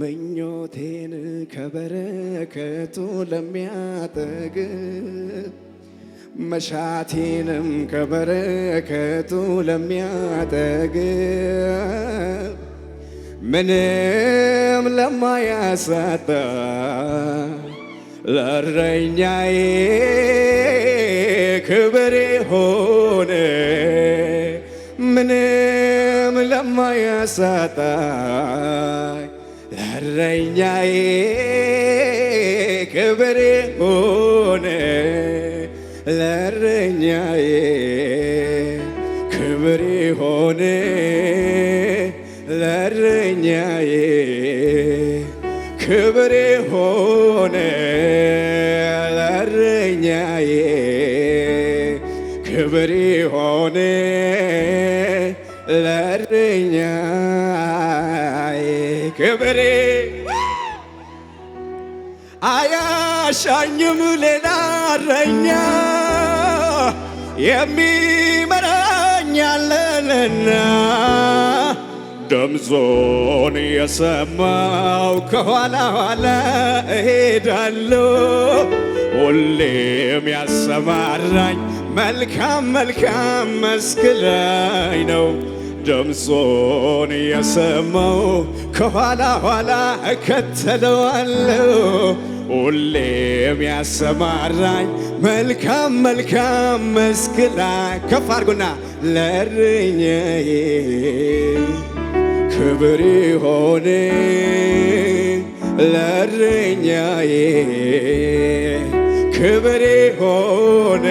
ምኞቴን ከበረከቱ ለሚያጠግብ መሻቴንም ከበረከቱ ለሚያጠግብ ምንም ለማያሳጣ ለእረኛዬ ክብር ሆነ ምንም ለማያሳጣ እረኛዬ ክብር ሆነ ለእረኛዬ ክብር ሆነ ለእረኛዬ ክብር ሆነ ለእረኛዬ ክብር ሆነ ለእረኛዬ ክብር ሻኝም ሌላ እረኛ የሚመራኝ አለና ድምፁን የሰማው ከኋላ ኋላ እሄዳለሁ ሁሌም ያሰማራኝ መልካም መልካም መስክ ላይ ነው። ድምፁን የሰማው ከኋላ ኋላ እከተለዋለሁ ሁሌም ያሰማራኝ መልካም መልካም መስክ ላይ ከፍ አድርጎና ለእረኛዬ ክብር ሆነ! ለእረኛዬ ክብር ይሆን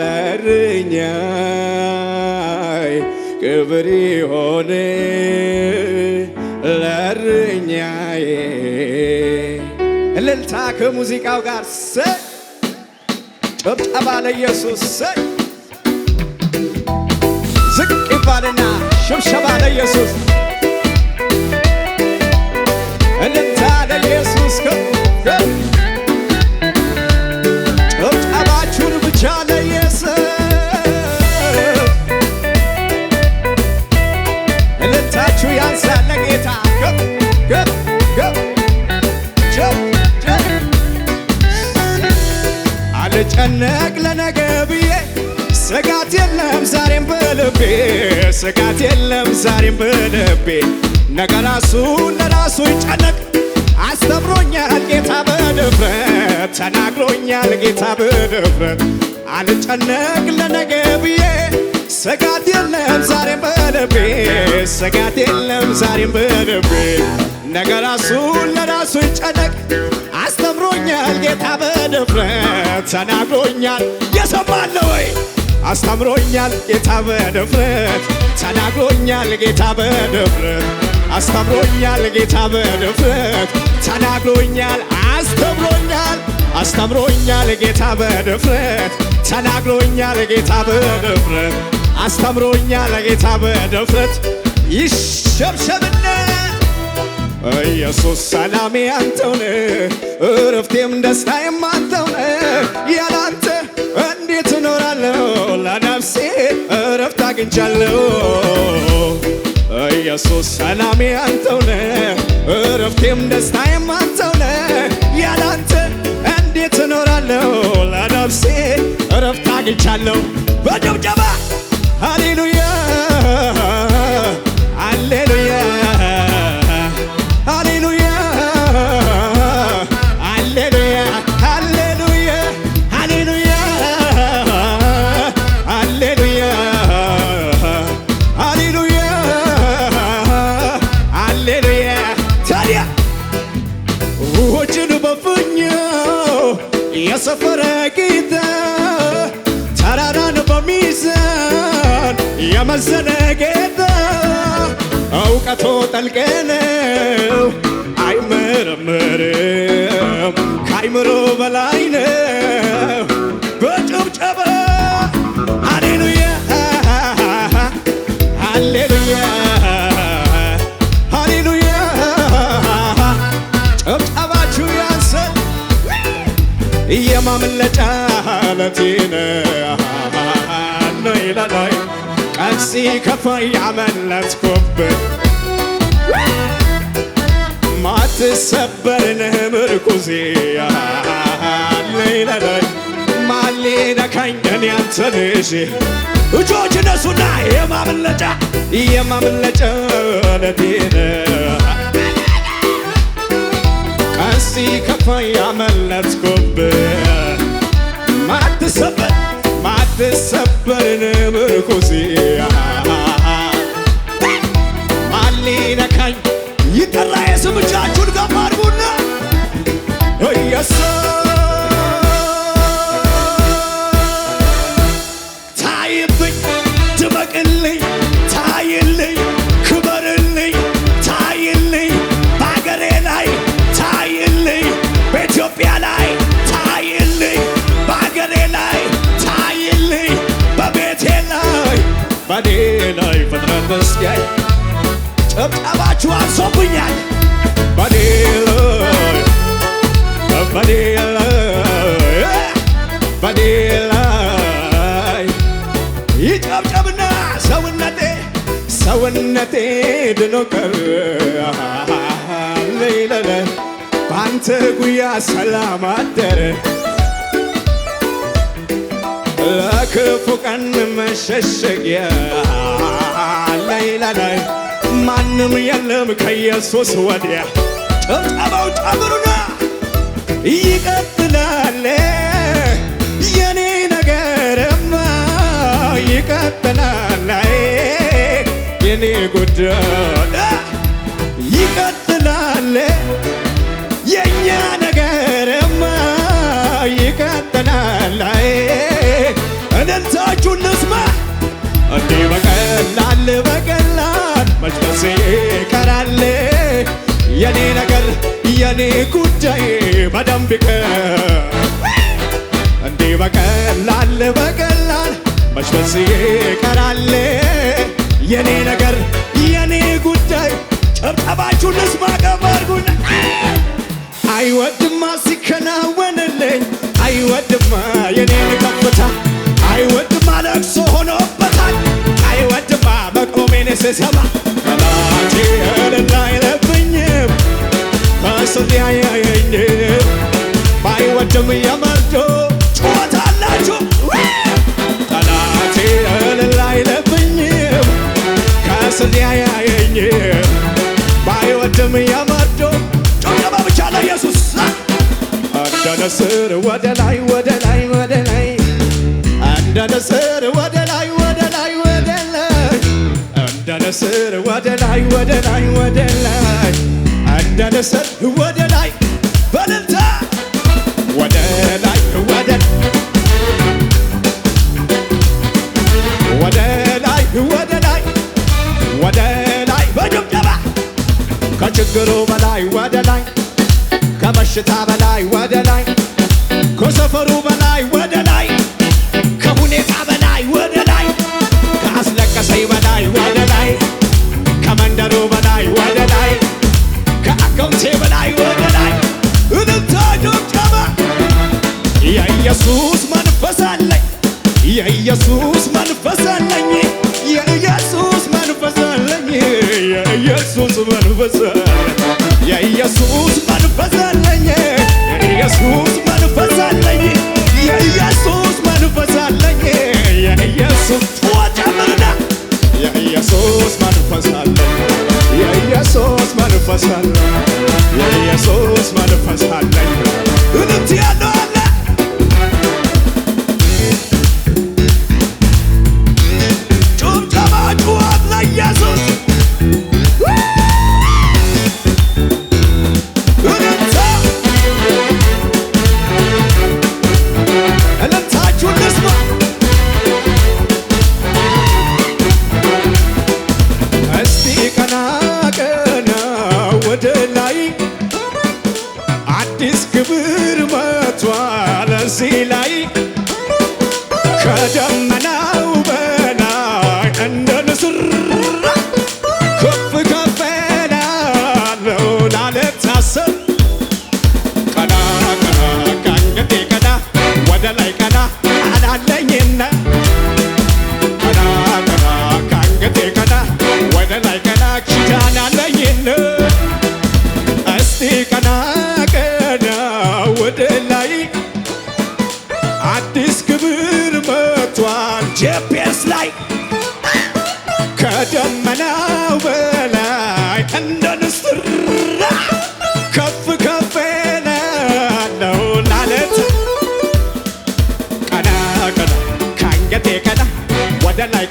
ለእረኛዬ ክብር ይሆን እልልታ ከሙዚቃው ጋር ሰ ጭብጨባ ለኢየሱስ ሰ ዝቅ ይባልና ሽብሸባ ለኢየሱስ ስጋት የለም ዛሬም በልቤ ነገ ራሱ ለራሱ ይጨነቅ አስተምሮኛል ጌታ በድፍረት ተናግሮኛል ጌታ በድፍረት አልጨነቅ ለነገ ብዬ ስጋት የለም ዛሬም በልቤ ስጋት የለም ዛሬም በልቤ ነገ ራሱ ለራሱ ይጨነቅ አስተምሮኛል ጌታ በድፍረት ተናግሮኛል የሰማለ ወይ አስተምሮኛል ጌታ በድፍረት ተናግሮኛል ጌታ በድፍረት አስተምሮኛል ጌታ በድፍረት ተናግሮኛል አስተምሮኛል አስተምሮኛል ጌታ በድፍረት ተናግሮኛል ጌታ በድፍረት አስተምሮኛል ጌታ በድፍረት ይሸብሸብና ኢየሱስ ሰላሜ አንተውነ እረፍቴም ደስታዬም አንተውነ ያላንተ እንዴት እኖራለሁ ነፍሴ እረፍት አግኝቻለሁ። ኢየሱስ ሰላሜ አንተው ነህ፣ እረፍቴም ደስታዬም አንተው ነህ። እንዴት እኖራለሁ? ለነፍሴ እረፍት አግኝቻለሁ። ሃሌሉያ የሰፈረ ጌታ ተራራን በሚዛን የመዘነ ጌታ እውቀቱ ጥልቅ ነው አይመረመርም የማምለጫ አለቴነ ነው ይለላይ ቀሲ ከፋ ያመለጥኩብህ ማትሰበር ነህ ምርኩዜ ነው ማሌ ነካኝ እኔ አንተ ልጅ እጆች እነሱና የማምለጫ የማምለጫ አለቴነ ሲከፋ ያመለጥኩብ ማትሰበር ማትሰበርን ምርኩዝ ማን ሊነካኝ ይጠራ የስምች ሰውነቴ ሰውነቴ ድኖ ቀረ ለይለለ ባንተ ጉያ ሰላም አደረ ለክፉ ቀን መሸሸጊያ ለይለለ ማንም የለም ከኢየሱስ ወዲያ ጭብጨባው ጨምሩና ይቀጥላል ይቀጥላል የኔ ጉዳይ ይቀጥላል የእኛ ነገርማ ይቀጥላል እልልታችሁን ልስማ እንዲህ በቀላል በቀላል መች ደስ ይቀራል የኔ ነገር የኔ ጉዳይ በደንብ ይቀር እንዲህ በቀላል በቀላል መች በዚህ ቀራለ የኔ ነገር የኔ ጉዳይ ጨብጨባችሁን ልስማ ገባርጉና አይወድማ ሲከናወንልኝ አይወድማ የኔን ከፍታ አይወድማ ለቅሶ ሆኖበታል አይወድማ መቆሜን ስሰማ ባይወድም የመርዶ ያማዶ ጨብጨባ ብቻ ለኢየሱስ እንደ ንስር ወደ ላይ ወደ ላይ ወደ ላይ እንደ ወደ ላይ ወደ ላይ ወደ ላይ እንደ ወደ ላይ ወደ ላይ ወደ ላይ እንደ ወደ ላይ ከችግሩ በላይ ወደ ላይ ከበሽታ በላይ ወደ ላይ ከሰፈሩ በላይ ወደ ላይ ከሁኔታ በላይ ወደ ላይ ከአስለቀሰኝ በላይ ወደ ላይ ከመንደሩ በላይ ወደ ላይ ከአካውንቴ በላይ ወደ ላይ እንታጆጨበ የኢየሱስ መንፈስ አለኝ የኢየሱስ መንፈስ አለኝ መንፈስ የኢየሱስ መንፈስ አለኝ የኢየሱስ መንፈስ አለኝ የኢየሱስ መንፈስ አለኝ የኢየሱስ ወጨምርና የኢየሱስ መንፈስ አለኝ የኢየሱስ መንፈስ አለኝ የኢየሱስ መንፈስ አለኝ Kadamana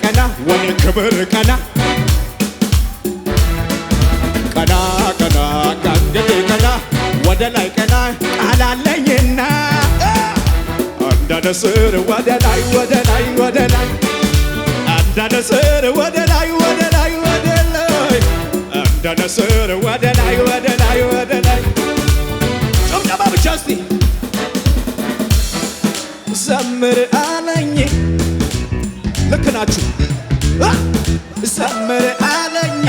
ቀና ወደ ክብር ቀና ቀና ቀና ከአንገቴ ቀና ወደ ላይ ቀና አላለኝና እንደ ንስር ወደ ላይ ወደ ላይ ወደ ላይ እንደ ንስር ወደ ላይ ወደ ላይ ወደ ላይ እንደ ንስር ወደ ላይ ወደ ላይ ወደ ላይ ጭብጨባ ብቻ እስቲ ዘምር ልበላችሁ ዘመረ አለኝ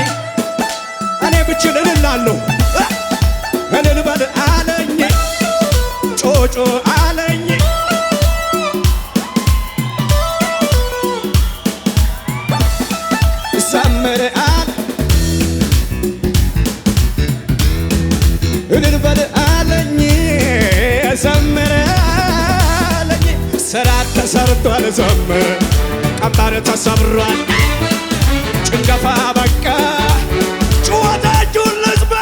እኔ ብችል እልላለሁ እልል በል አለኝ ጮጮ አለኝ ዘመረ አለ እልል በል አለኝ ዘመረ አለኝ ስራ ተሰርቷል ዘመረ አምባረ ተሰብሯል ጭንገፋ በቃ ጭዋታችሁን ልስበ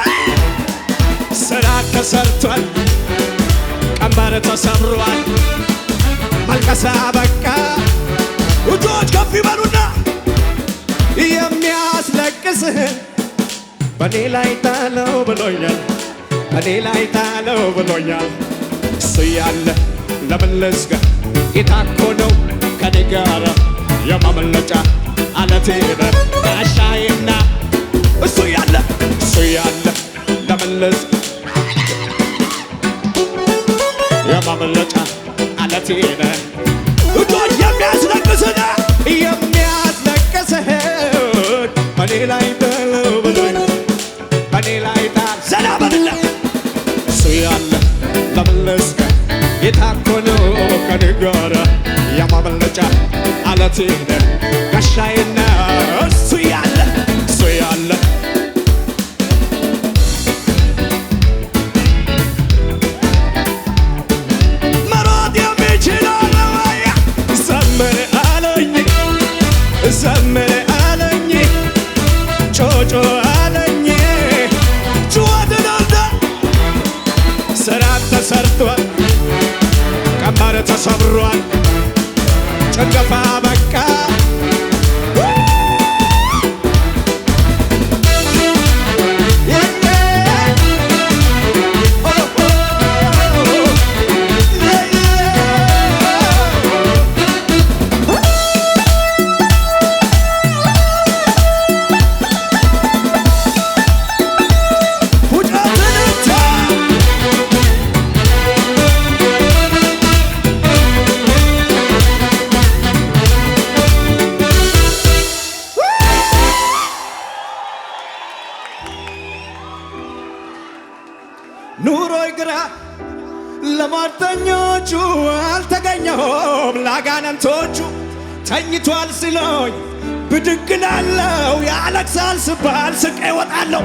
ስራ ተሰርቷል ቀንበር ተሰብሯል መልቀሳ በቃ እጆች ከፍ ይበሉና የሚያስለቅስህን በኔ ላይ ጣለው ብሎኛል በኔ ላይ ጣለው ብሎኛል እሱ ያለ ለምን ልዝጋ ጌታ እኮ ነው ከኔ ጋራ የማመለጫ አለቴ በሻይና እሱ ያለ እሱ ያለ ለመለስ የማመለጫ አለቴ እቶን የሚያስለቅስህ የሚያስለቅስህ በኔ ላይ በለው ብሎኝ በኔ ላይ ዘና በልለ እሱ ያለ ለመለስ ጌታ እኮ የማመለጫ አለቴ ነህ ጋሻዬ ዓለም ስቄ እወጣለሁ።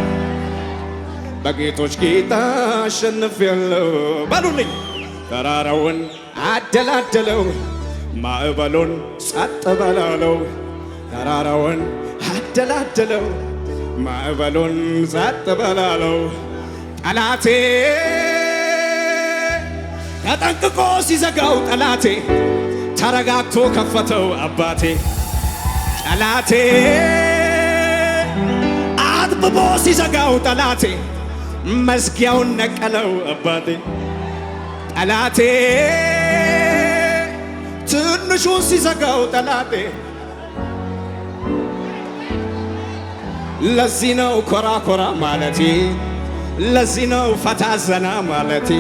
በጌቶች ጌታ ያለው በሉልኝ። ተራራውን አደላደለው፣ ማዕበሉን ጸጥ በላለው። ተራራውን አደላደለው፣ ማዕበሉን ጸጥ በላለው። ጠላቴ ተጠንቅቆ ሲዘጋው ጠላቴ ተረጋግቶ ከፈተው አባቴ ጠላቴ ጠምሞ ሲዘጋው ጠላቴ መዝጊያውን ነቀለው አባቴ ጠላቴ ትንሹን ሲዘጋው ጠላቴ ለዚህ ነው ኮራ ኮራ ማለቴ ለዚህ ነው ፈታ ዘና ማለቴ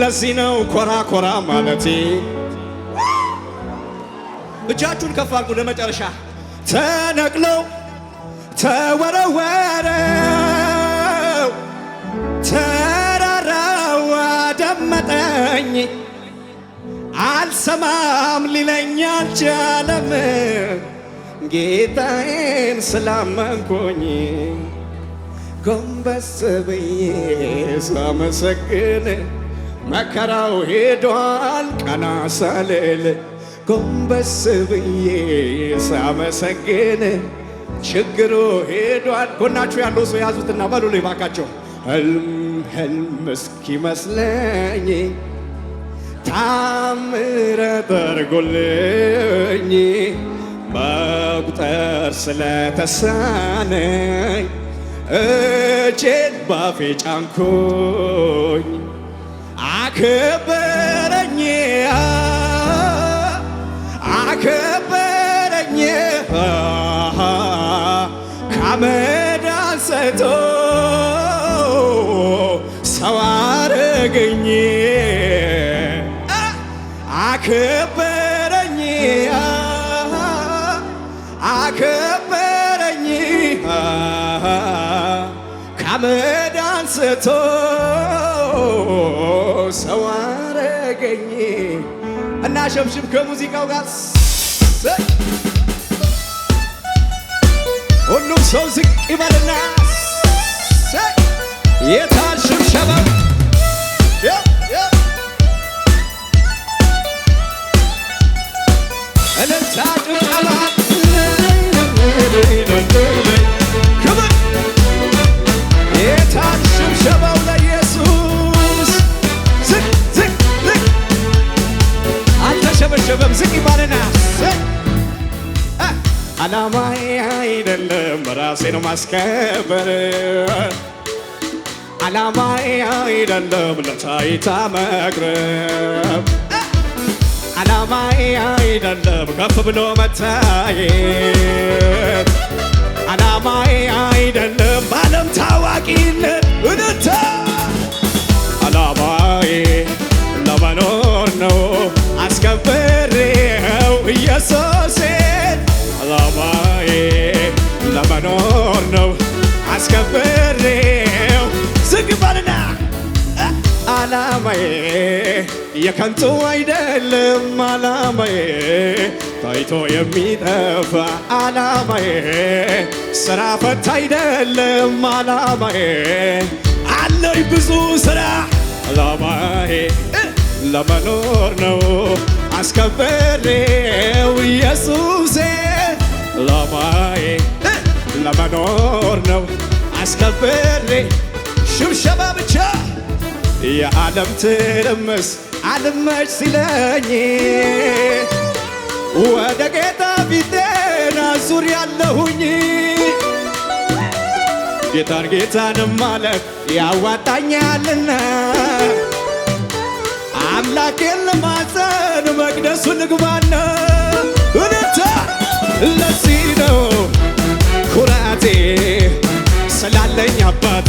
ለዚህ ነው ኮራ ኮራ ማለቴ። እጃችሁን ከፍ አድርጉ ለመጨረሻ ተነቅለው ተወረወረው ተራራው አደመጠኝ አልሰማም ሊለኝ አልቻለም ጌታዬን ስላመንኩኝ ጎንበስ ብዬ ሳመሰግን መከራው ሄዷል ቀና ሳልል ጎንበስ ብዬ ሳመሰግን ችግሩ ሄዷል። ጎናችሁ ያለው ሰው የያዙትና በሉ ላይ ባካቸው ህልም ህልም እስኪመስለኝ ታምረ ተደርጎልኝ መቁጠር ስለተሳነኝ እጄን ባፌ ጫንኩኝ አክበ! መዳን ሰጥቶ ሰው አረገኝ፣ አከበረኝ፣ አከበረኝ ከመዳን ሰጥቶ ሰው አረገኝ እና ሸብሽብ ከሙዚቃው ጋር ሰው ዝቅ ይበልና የታል ሽብሸባ እልልታ ጭብጨባ የታል ሽብሸባው ለኢየሱስ ዝቅ ዝቅ ዝቅ አልተሸበሸበም ዝቅ ይባልና አላማ ራሴን ማስከበር አላማዬ አይደለም ለታይታ መቅረብ አላማዬ አይደለም ከፍ ብሎ መታየት አላማዬ አይደለም ባለም ታዋቂነት እድታ አላማዬ ለመኖር ነው አስከብሬው ኢየሱሴን አላማዬ ለመኖር ነው አስከብሬው ዝግበልና አላማዬ የከንቱ አይደለም አላማዬ ታይቶ የሚጠፋ አላማዬ ስራ ፈት አይደለም አላማዬ አለይ ብዙ ስራ አላማዬ ለመኖር ነው አስከብሬው ኢየሱሴ አላማዬ ለመኖር ነው አስከብሬ ሽብሸባ ብቻ የዓለም ትርምስ አልመች ሲለኝ ወደ ጌታ ፊቴን አዙር ያለሁኝ ጌታን ጌታን ማለት ያዋጣኛልና አምላኬን ለማፀን መቅደሱ ልግባና እውነታ ለዚህ ነው ኩራቴ ስላለኝ አባቴ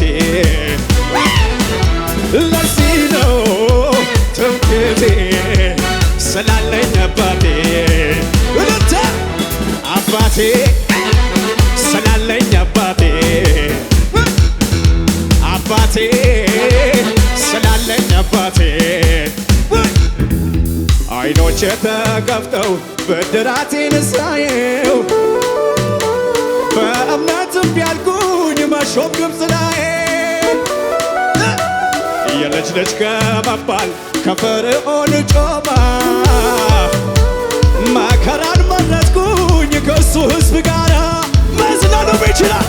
ለዚህ ነው ትምክቴ ስላለኝ አባቴ እልልታ አባቴ ስላለኝ አባቴ አባቴ ስላለኝ አባቴ አይኖቼ ተከፍተው ብድራቴ ንሳዬው አልተሾምክም ስላዬ የልጅ ልጅ ከመባል ከፈርዖን ጮማ መከራን መረጥኩኝ ከእሱ ሕዝብ ጋራ መዝናኑ ይችላል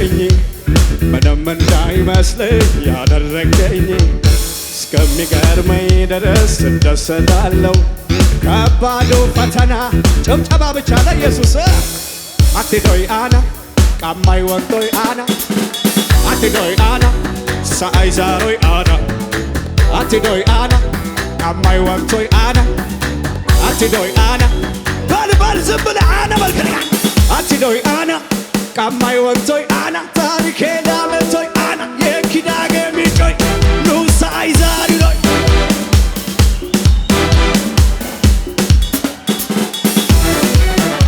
ያደረገኝ ምንም እንዳይመስልኝ ያደረገኝ እስከሚገርመኝ ድረስ እደሰታለሁ። ከባዱ ፈተና ጭብጨባ ብቻ ለኢየሱስ አትዶይ አና ቃማይ ወርዶይ አና አትዶይ አና ሰአይ ዛሮይ አና አትዶይ አና ቃማይ ወርቶይ አና አትዶይ አና በልበል ዝም ብለህ አና መልክልካ አትዶይ አና ቃማይ ወቅቶይ አና ታሪኬ ዳመቶይ አና የኪዳገሚ